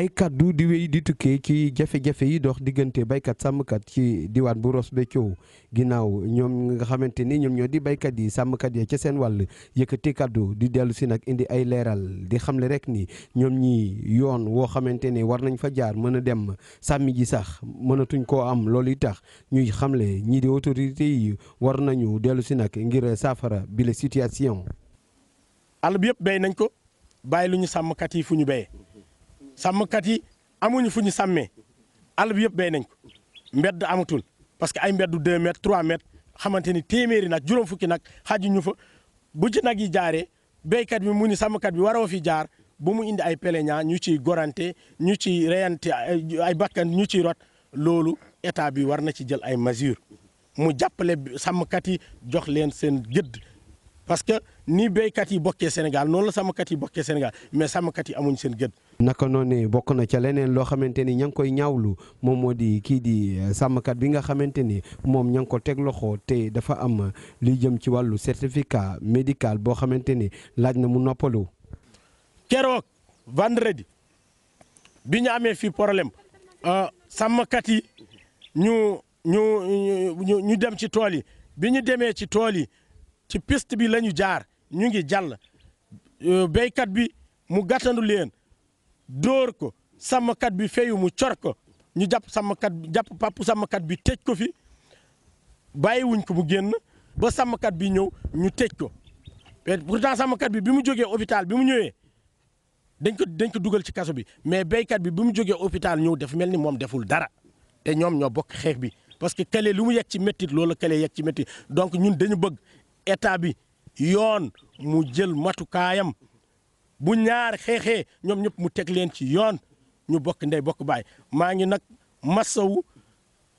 ay kàddu di wéy di tukkee ci jafe-jafe yi dox diggante baykat sàmmkat ci diwaan bu Ross Béthio ginnaaw ñoom nga xamante ni ñoom ñoo di baykat yi sàmmkat ya ca seen di dalusinak si nag indi ay leeral di xamle rek ni ñoom ñi yoon ni war nañ fa jaar nyifajar a dem sami ji sax mënatuñ koo am loolu yi tax ñuy xamle ñii di autorité yi war nañu dellu si nag ngir saafara bi la situation. àll bi yëpp nañ ko yi sàmmkat yi amuñu fu ñu sàmmee àll bi yëpp béy nañ ko mbedd amatul parce que ay mbeddu 2 mètres 3 mètres xamante ni téeméeri nag juróom fukki nag xajuñu fa bu ci nag yi jaaree béykat bi mu ni sàmmkat bi waroo fi jaar bu mu indi ay plaignants ñu ciy gorante ñu ci reyante ay bakkan ñu ciy rot loolu état bi war na ci jël ay mesures mu jàppale sàmmkat yi jox leen seen gëdd. parce que ni béykat yi bokkee Sénégal noonu la sàmmkat yi bokkee Sénégal mais sàmmkat yi amuñ seen gën. naka noon noonu bokk na ca leneen loo xamante ni ña ngi koy ñaawlu moom moo di kii di euh, sàmmkat bi nga xamante ni moom ña ngi ko teg loxo te dafa am li jëm ci wàllu certificat médical boo xamante ni laaj na mu noppaloo keroog vendredi bi ñu amee fii problème euh, sàmmkat yi ñu ñu ñu ñu dem ci tool yi bi ñu demee ci tool yi. ci piste bi la jaar ñu ngi jàll euh, béykat bi mu gàttandu leen dóor ko sàmmkat bi feyu mu cor ko ñu jàpp sàmmkat bi jàpp pàpp sàmmkat bi tëj ko fi wuñ ko mu génn ba sàmmkat bi ñëw ñu tëj ko pourtant sàmmkat bi bi mu jógee hôpital bi mu ñëwee dañ ko dañ ko dugal ci kaso bi mais béykat bi bi mu jógee hôpital ñëw def mel ni moom deful dara te ñoom ñoo bokk xeex bi parce que kële lu mu yegg ci méttit loolu kële yegg ci méttit donc ñun dañu bëgg état bi yoon mu jël matukaayam bu ñaar xeexee ñoom ñëpp mu teg leen ci yoon ñu bokk ndey bokk baay maa ngi nag masawu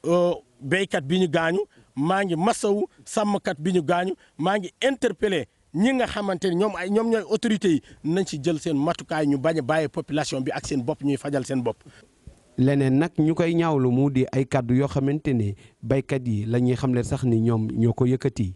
euh, béykat bi ñu gaañu maa ngi masawu sàmmkat bi ñu gaañu maa ngi interpellé ñi nga xamante ni ñoom ay ñoom ñooy autorités yi nañ ci jël seen matukaay ñu bañ a bàyyi population bi ak seen bopp ñuy fajal seen bopp. leneen nag ñu koy ñaawlu mu di ay kàddu yoo xamante ne béykat yi la ñuy leen sax ni ñoom ñoo ko yëkkati.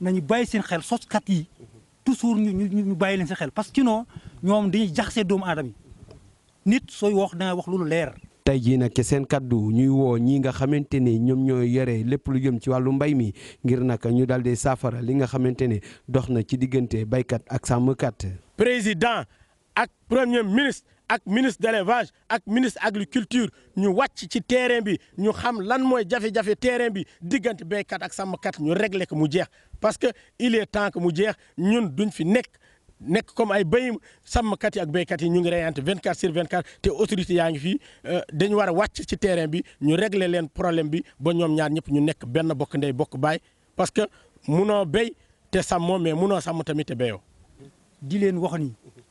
nañu bàyyi seen xel soskat yi toujours ñu bàyyi leen seen xel parce que sinon ñoom dañuy jaxasee doomu aadama yi nit sooy wax da nga wax lu leer. tey jii nag seen kaddu ñuy woo ñii nga xamante ni ñoom ñooy yore lépp lu jëm ci wàllu mbay mi ngir naka ñu daal di saafara li nga xamante ne dox na ci diggante baykat ak sàmmkat. président ak premier ministre. ak ministre de l'élevage ak ministre agriculture ñu wàcc ci terrain bi ñu xam lan mooy jafe-jafe terrain bi digant béykat ak sàmmkat ñu régler ko mu jeex parce que il est temps que mu nous ñun duñ fi nek comme ay béy sàmmkat yi ak béykat yi ñu ngi reyante 24 sur 24 té autorité yaangi fi euh, dañu wara wacc ci terrain bi ñu régler len problème bi ba ñom ñaar ñëpp ñu nek ben bokk ndey bokk bay parce que munoo béy te sàmmoo mais munoo sàmm tamit té béyoo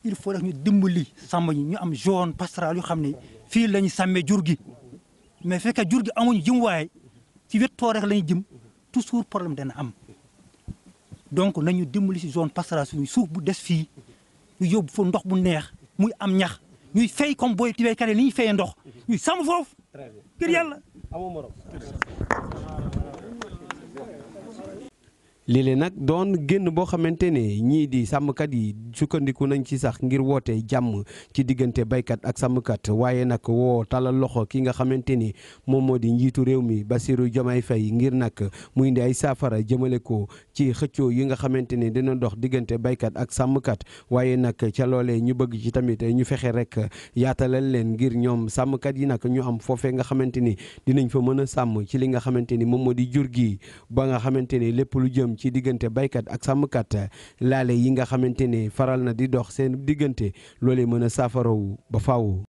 il faut rek ñu dimbali nous ñu am zone yu ne la jurgi mais fekk jurgi amuñu jëm ci rek lañu toujours problème dana am donc nañu dimbali ci zone pastorale suñu suuf bu des filles ñu yob fa ndox bu neex muy am ñax ñuy fay comme boy li ñuy ndox ñuy très léeg nag doon génn boo xamante ne ñii di sàmmkat yi sukkandiku nañ ci sax ngir wootee jàmm ci diggante baykat ak sàmmkat waaye nag woo talal loxo ki nga xamante ni moom moo di njiitu réew mi Bassirou Diomaye Faye ngir nag mu indi ay saafara jëmale ko ci xëccoo yi nga xamante ne dina dox diggante baykat ak sàmmkat waaye nag ca loolee ñu bëgg ci tamit ñu fexe rek yaatalal leen ngir ñoom sàmmkat yi nag ñu am foofee nga xamante ni dinañ fa mën a sàmm ci li nga xamante ni moom moo di jur gi ba nga xamante ni lépp lu jëm ci diggante baykat ak sàmmkat laale yi nga xamante ne faral na di dox seen diggante loolee mën a saafarawu ba faaw.